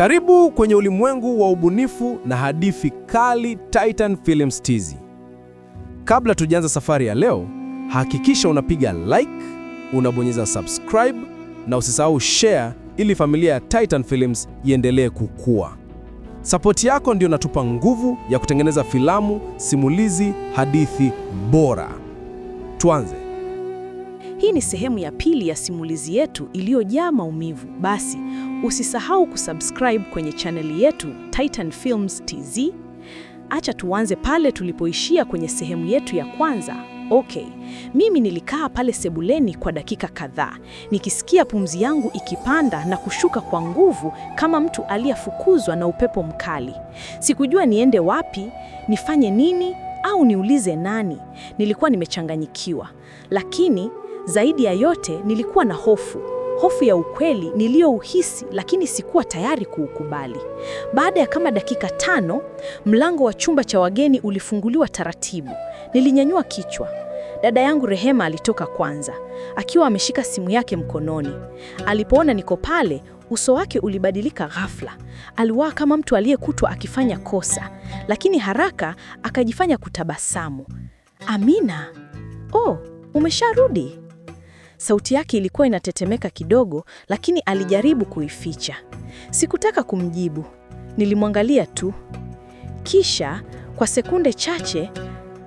Karibu kwenye ulimwengu wa ubunifu na hadithi kali titan Films TZ. Kabla tujaanza safari ya leo, hakikisha unapiga like, unabonyeza subscribe na usisahau share ili familia ya titan Films iendelee kukua. Sapoti yako ndio inatupa nguvu ya kutengeneza filamu, simulizi, hadithi bora. Tuanze. Hii ni sehemu ya pili ya simulizi yetu iliyojaa maumivu. Basi usisahau kusubscribe kwenye chaneli yetu Titan Films TZ. Acha tuanze pale tulipoishia kwenye sehemu yetu ya kwanza. Okay, mimi nilikaa pale sebuleni kwa dakika kadhaa nikisikia pumzi yangu ikipanda na kushuka kwa nguvu kama mtu aliyefukuzwa na upepo mkali. Sikujua niende wapi, nifanye nini au niulize nani. Nilikuwa nimechanganyikiwa, lakini zaidi ya yote, nilikuwa na hofu, hofu ya ukweli niliyouhisi, lakini sikuwa tayari kuukubali. Baada ya kama dakika tano, mlango wa chumba cha wageni ulifunguliwa taratibu. Nilinyanyua kichwa. Dada yangu Rehema alitoka kwanza, akiwa ameshika simu yake mkononi. Alipoona niko pale, uso wake ulibadilika ghafla. Aliwaa kama mtu aliyekutwa akifanya kosa, lakini haraka akajifanya kutabasamu. Amina, oh, umesharudi? Sauti yake ilikuwa inatetemeka kidogo, lakini alijaribu kuificha. Sikutaka kumjibu, nilimwangalia tu. Kisha kwa sekunde chache,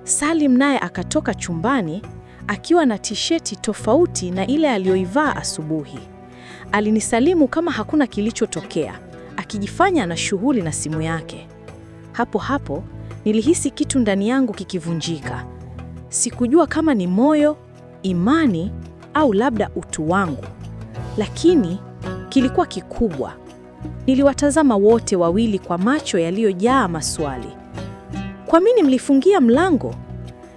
Salim naye akatoka chumbani akiwa na tisheti tofauti na ile aliyoivaa asubuhi. Alinisalimu kama hakuna kilichotokea, akijifanya na shughuli na simu yake. Hapo hapo nilihisi kitu ndani yangu kikivunjika. Sikujua kama ni moyo, imani au labda utu wangu, lakini kilikuwa kikubwa. Niliwatazama wote wawili kwa macho yaliyojaa maswali. Kwa nini mlifungia mlango?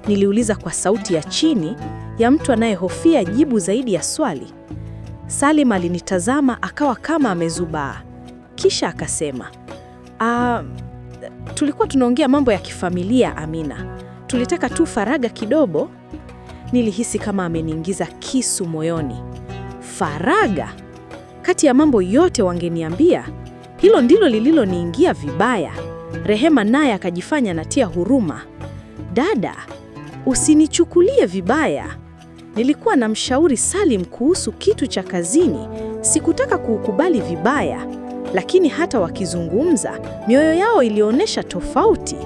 Niliuliza kwa sauti ya chini ya mtu anayehofia jibu zaidi ya swali. Salim alinitazama akawa kama amezubaa, kisha akasema, ah, tulikuwa tunaongea mambo ya kifamilia Amina, tulitaka tu faraga kidogo nilihisi kama ameniingiza kisu moyoni. faraga kati ya mambo yote wangeniambia, hilo ndilo lililoniingia vibaya. Rehema naye akajifanya natia huruma. Dada, usinichukulie vibaya, nilikuwa namshauri Salim kuhusu kitu cha kazini, sikutaka kuukubali vibaya, lakini hata wakizungumza mioyo yao ilionyesha tofauti.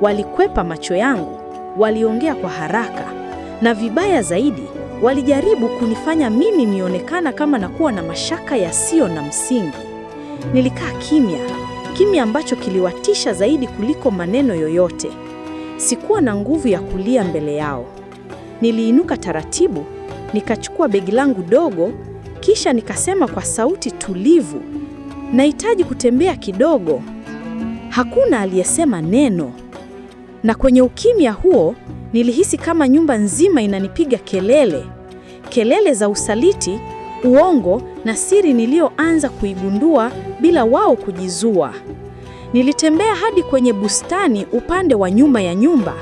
Walikwepa macho yangu, waliongea kwa haraka na vibaya zaidi, walijaribu kunifanya mimi nionekana kama nakuwa na mashaka yasiyo na msingi. Nilikaa kimya, kimya ambacho kiliwatisha zaidi kuliko maneno yoyote. Sikuwa na nguvu ya kulia mbele yao. Niliinuka taratibu, nikachukua begi langu dogo, kisha nikasema kwa sauti tulivu, nahitaji kutembea kidogo. Hakuna aliyesema neno, na kwenye ukimya huo Nilihisi kama nyumba nzima inanipiga kelele, kelele za usaliti, uongo na siri niliyoanza kuigundua bila wao kujizua. Nilitembea hadi kwenye bustani upande wa nyuma ya nyumba.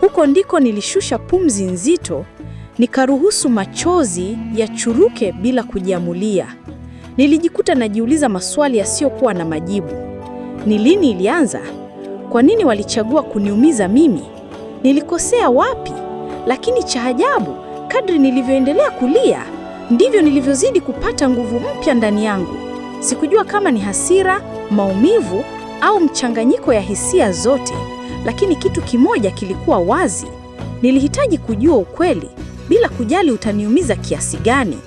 Huko ndiko nilishusha pumzi nzito, nikaruhusu machozi yachuruke bila kujiamulia. Nilijikuta najiuliza maswali yasiyokuwa na majibu. Ni lini ilianza? Kwa nini walichagua kuniumiza mimi? nilikosea wapi? Lakini cha ajabu, kadri nilivyoendelea kulia ndivyo nilivyozidi kupata nguvu mpya ndani yangu. Sikujua kama ni hasira, maumivu au mchanganyiko ya hisia zote, lakini kitu kimoja kilikuwa wazi: nilihitaji kujua ukweli bila kujali utaniumiza kiasi gani.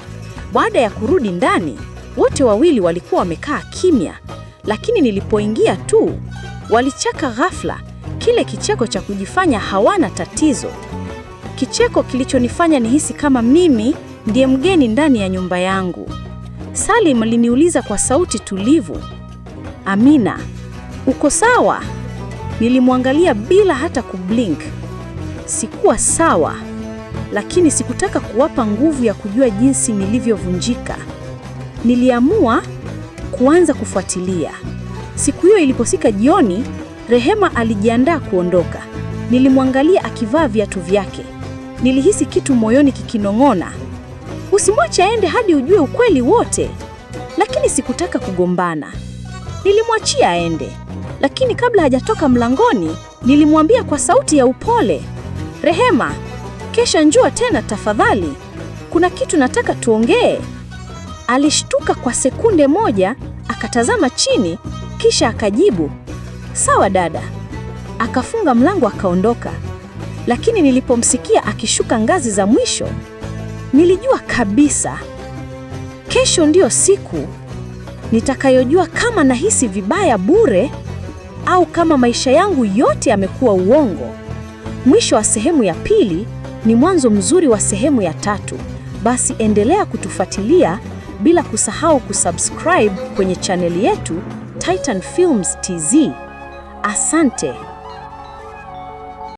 Baada ya kurudi ndani, wote wawili walikuwa wamekaa kimya, lakini nilipoingia tu walichaka ghafla kile kicheko cha kujifanya hawana tatizo, kicheko kilichonifanya nihisi kama mimi ndiye mgeni ndani ya nyumba yangu. Salim aliniuliza kwa sauti tulivu, Amina, uko sawa? Nilimwangalia bila hata kublink. Sikuwa sawa, lakini sikutaka kuwapa nguvu ya kujua jinsi nilivyovunjika. Niliamua kuanza kufuatilia. Siku hiyo ilipofika jioni, Rehema alijiandaa kuondoka. Nilimwangalia akivaa viatu vyake. Nilihisi kitu moyoni kikinong'ona, usimwache aende hadi ujue ukweli wote. Lakini sikutaka kugombana, nilimwachia aende. Lakini kabla hajatoka mlangoni, nilimwambia kwa sauti ya upole, Rehema, kesha njua tena tafadhali, kuna kitu nataka tuongee. Alishtuka kwa sekunde moja, akatazama chini, kisha akajibu sawa dada. Akafunga mlango akaondoka, lakini nilipomsikia akishuka ngazi za mwisho nilijua kabisa kesho ndiyo siku nitakayojua kama nahisi vibaya bure au kama maisha yangu yote yamekuwa uongo. Mwisho wa sehemu ya pili ni mwanzo mzuri wa sehemu ya tatu. Basi endelea kutufuatilia bila kusahau kusubscribe kwenye chaneli yetu titan Films TZ. Asante.